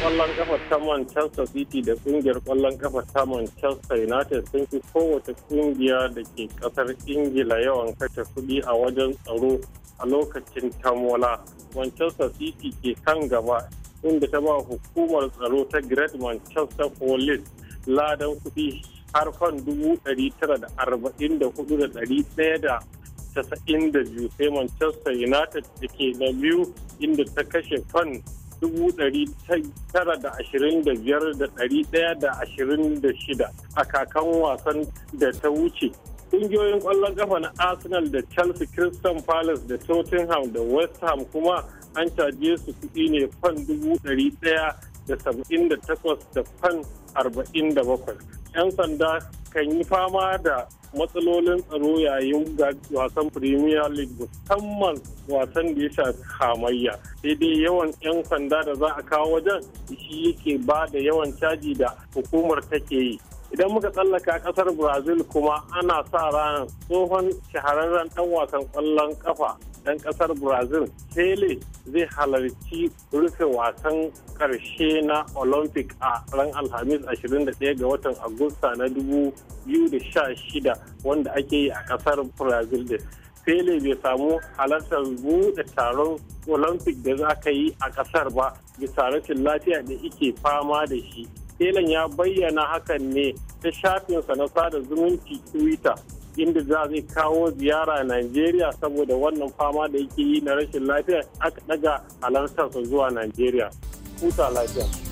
kwallon kafa ta Manchester City da kungiyar kwallon kafa ta Manchester United sun fi kowace kungiya da ke kasar Ingila yawan kashe kuɗi a wajen tsaro a lokacin tamola. Manchester City ke kan gaba inda ta ba hukumar tsaro ta Great Manchester Police ladan kuɗi har fan dubu ɗari tara da arba'in da hudu da ɗari ɗaya da casa'in da biyu sai Manchester United da ke na biyu inda ta kashe fan dubu ɗari tara da ashirin shida a kakan wasan da ta wuce ƙungiyoyin ƙwallon ƙafa na arsenal da chelsea crystal palace da tottenham da west ham kuma an caje su kuɗi ne fan dubu ɗari da saba'in da takwas da fan arba'in da bakwai. 'Yan sanda kan yi fama da matsalolin tsaro yayin wasan premier league musamman wasan da ya shafi hamayya sai dai yawan 'yan sanda da za a kawo wajen shi yake ba da yawan caji da hukumar take yi idan muka tsallaka kasar brazil kuma ana sa ranar tsohon shahararren dan wasan kwallon kafa dan kasar brazil pele zai halarci rufe wasan karshe na olympic a ran alhamis 21 ga watan agusta na 2016 wanda ake yi a kasar brazil din pele bai samu halartar buɗe taron olympic da za ka yi a kasar ba bisa rashin lafiya da ike fama da shi telan ya bayyana hakan ne ta shafinsa na sada zumunci twitter inda za zai kawo ziyara Najeriya saboda wannan fama da yake yi na rashin lafiya aka daga halartarsa zuwa Najeriya. Huta lafiya.